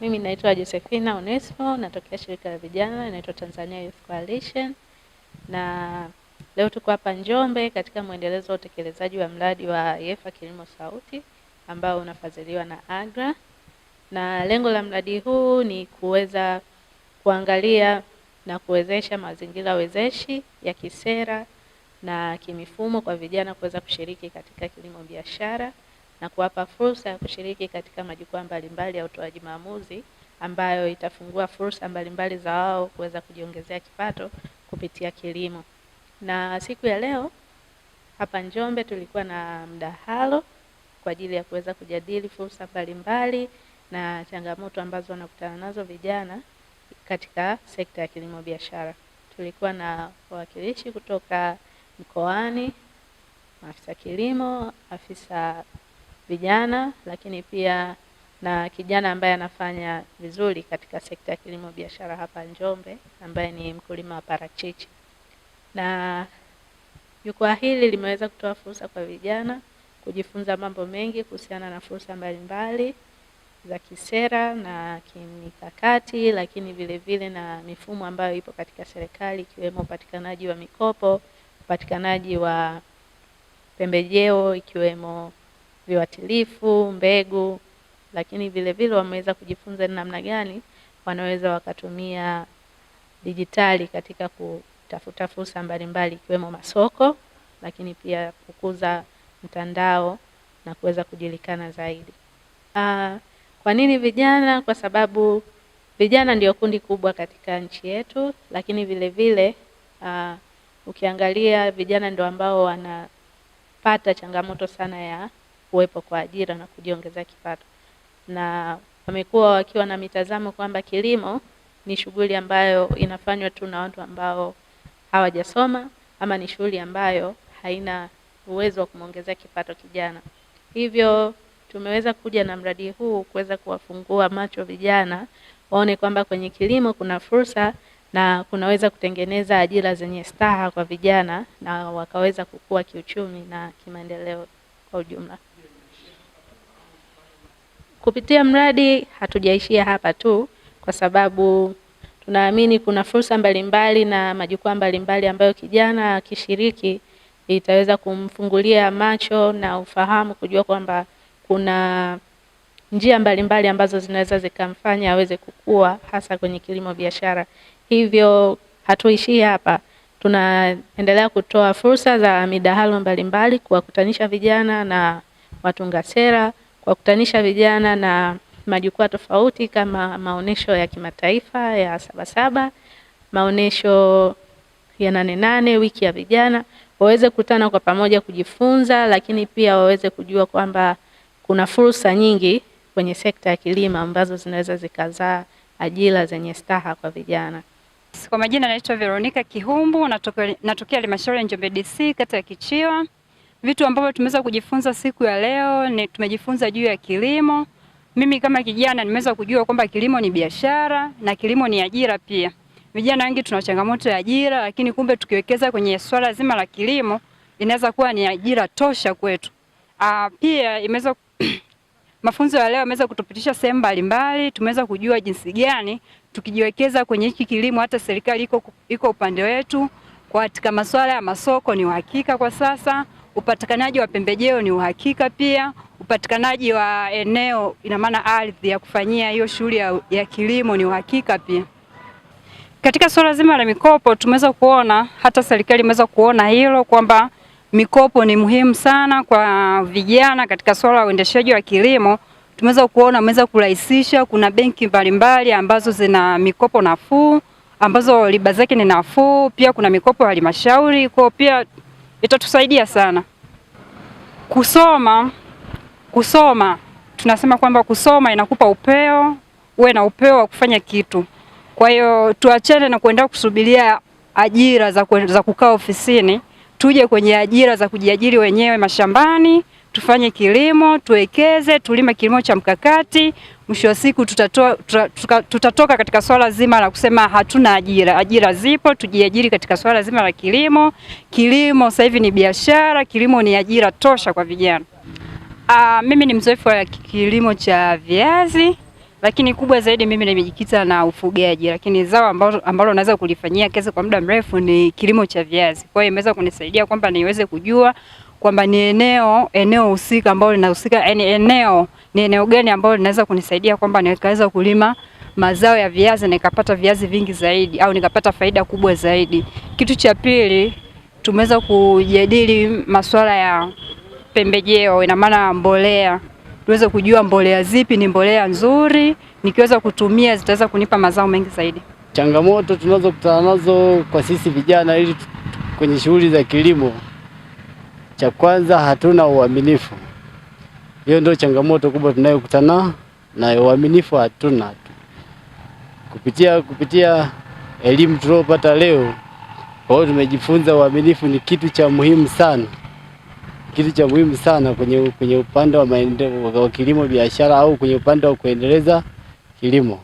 Mimi naitwa Josephina Onesmo, natokea shirika la vijana inaitwa Tanzania Youth Coalition, na leo tuko hapa Njombe katika mwendelezo wa utekelezaji wa mradi wa YEFFA Kilimo Sauti ambao unafadhiliwa na AGRA, na lengo la mradi huu ni kuweza kuangalia na kuwezesha mazingira wezeshi ya kisera na kimifumo kwa vijana kuweza kushiriki katika kilimo biashara na kuwapa fursa ya kushiriki katika majukwaa mbalimbali ya utoaji maamuzi ambayo itafungua fursa mbalimbali za wao kuweza kujiongezea kipato kupitia kilimo. Na siku ya leo hapa Njombe tulikuwa na mdahalo kwa ajili ya kuweza kujadili fursa mbalimbali na changamoto ambazo wanakutana nazo vijana katika sekta ya kilimo biashara. Tulikuwa na wawakilishi kutoka mkoani, maafisa kilimo, afisa vijana, lakini pia na kijana ambaye anafanya vizuri katika sekta ya kilimo biashara hapa Njombe, ambaye ni mkulima wa parachichi. Na jukwaa hili limeweza kutoa fursa kwa vijana kujifunza mambo mengi kuhusiana na fursa mbalimbali za kisera na kimikakati, lakini vile vile na mifumo ambayo ipo katika serikali ikiwemo upatikanaji wa mikopo, upatikanaji wa pembejeo ikiwemo viwatilifu mbegu, lakini vilevile wameweza kujifunza ni namna gani wanaweza wakatumia dijitali katika kutafuta fursa mbalimbali ikiwemo masoko, lakini pia kukuza mtandao na kuweza kujulikana zaidi. Aa, ah, kwa nini vijana? Kwa sababu vijana ndio kundi kubwa katika nchi yetu, lakini vilevile vile, ah, ukiangalia vijana ndio ambao wanapata changamoto sana ya kuwepo kwa ajira na kujiongezea kipato, na wamekuwa wakiwa na mitazamo kwamba kilimo ni shughuli ambayo inafanywa tu na watu ambao hawajasoma ama ni shughuli ambayo haina uwezo wa kumwongezea kipato kijana. Hivyo tumeweza kuja na mradi huu kuweza kuwafungua macho vijana waone kwamba kwenye kilimo kuna fursa na kunaweza kutengeneza ajira zenye staha kwa vijana na wakaweza kukua kiuchumi na kimaendeleo kwa ujumla. Kupitia mradi hatujaishia hapa tu, kwa sababu tunaamini kuna fursa mbalimbali na majukwaa mbalimbali ambayo kijana akishiriki itaweza kumfungulia macho na ufahamu, kujua kwamba kuna njia mbalimbali mbali ambazo zinaweza zikamfanya aweze kukua hasa kwenye kilimo biashara. Hivyo hatuishii hapa, tunaendelea kutoa fursa za midahalo mbalimbali, kuwakutanisha vijana na watunga sera kutanisha vijana na majukwaa tofauti kama maonesho ya kimataifa ya Sabasaba, maonesho ya Nane Nane, wiki ya vijana, waweze kukutana kwa pamoja kujifunza, lakini pia waweze kujua kwamba kuna fursa nyingi kwenye sekta ya kilimo ambazo zinaweza zikazaa ajira zenye staha kwa vijana. Kwa majina naitwa Veronica Kihumbu, natokea halmashauri ya Njombe DC, kata ya Kichiwa. Vitu ambavyo tumeweza kujifunza siku ya leo ni tumejifunza juu ya kilimo. Mimi kama kijana nimeweza kujua kwamba kilimo ni biashara na kilimo ni ajira pia. Vijana wengi tuna changamoto ya ajira, lakini kumbe tukiwekeza kwenye swala zima la kilimo inaweza kuwa ni ajira tosha kwetu. Ah, pia imeweza mafunzo ya leo yameweza kutupitisha sehemu mbalimbali, tumeweza kujua jinsi gani tukijiwekeza kwenye hiki kilimo, hata serikali iko iko upande wetu katika masuala ya masoko ni uhakika kwa sasa. Upatikanaji wa pembejeo ni uhakika, pia upatikanaji wa eneo, ina maana ardhi ya kufanyia hiyo shughuli ya, ya kilimo ni uhakika pia. Katika suala zima la mikopo tumeweza kuona hata serikali imeweza kuona hilo kwamba mikopo ni muhimu sana kwa vijana katika suala la uendeshaji wa kilimo. Tumeweza kuona ameweza kurahisisha, kuna benki mbalimbali ambazo zina mikopo nafuu ambazo riba zake ni nafuu, pia kuna mikopo ya halmashauri, kwa pia itatusaidia sana kusoma. Kusoma tunasema kwamba kusoma inakupa upeo, uwe na upeo wa kufanya kitu. Kwa hiyo tuachane na kuenda kusubiria ajira za, za kukaa ofisini, tuje kwenye ajira za kujiajiri wenyewe mashambani tufanye kilimo, tuwekeze, tulime kilimo cha mkakati. Mwisho wa siku tutatoa, tuta, tutatoka katika swala zima la kusema hatuna ajira. Ajira zipo, tujiajiri katika swala zima la kilimo. Kilimo sasa hivi ni biashara, kilimo ni ajira tosha kwa vijana. Ah, mimi ni mzoefu wa kilimo cha viazi lakini kubwa zaidi mimi nimejikita na ufugaji, lakini zao ambalo, ambalo naweza kulifanyia kazi kwa muda mrefu ni kilimo cha viazi. Kwa hiyo imeweza kunisaidia kwamba niweze kujua kwamba ni eneo eneo husika ambalo linahusika, yani eneo ni eneo gani ambalo linaweza kunisaidia kwamba nikaweza kulima mazao ya viazi na nikapata viazi vingi zaidi au nikapata faida kubwa zaidi. Kitu cha pili tumeweza kujadili masuala ya pembejeo, ina maana mbolea tuweze kujua mbolea zipi ni mbolea nzuri, nikiweza kutumia zitaweza kunipa mazao mengi zaidi. Changamoto tunazokutana nazo kwa sisi vijana ili kwenye shughuli za kilimo cha kwanza hatuna uaminifu, hiyo ndio changamoto kubwa tunayokutana na uaminifu hatuna. Kupitia kupitia elimu tuliyopata leo, kwa hiyo tumejifunza uaminifu ni kitu cha muhimu sana, kitu cha muhimu sana kwenye, kwenye upande wa maendeleo wa kilimo biashara au kwenye upande wa kuendeleza kilimo.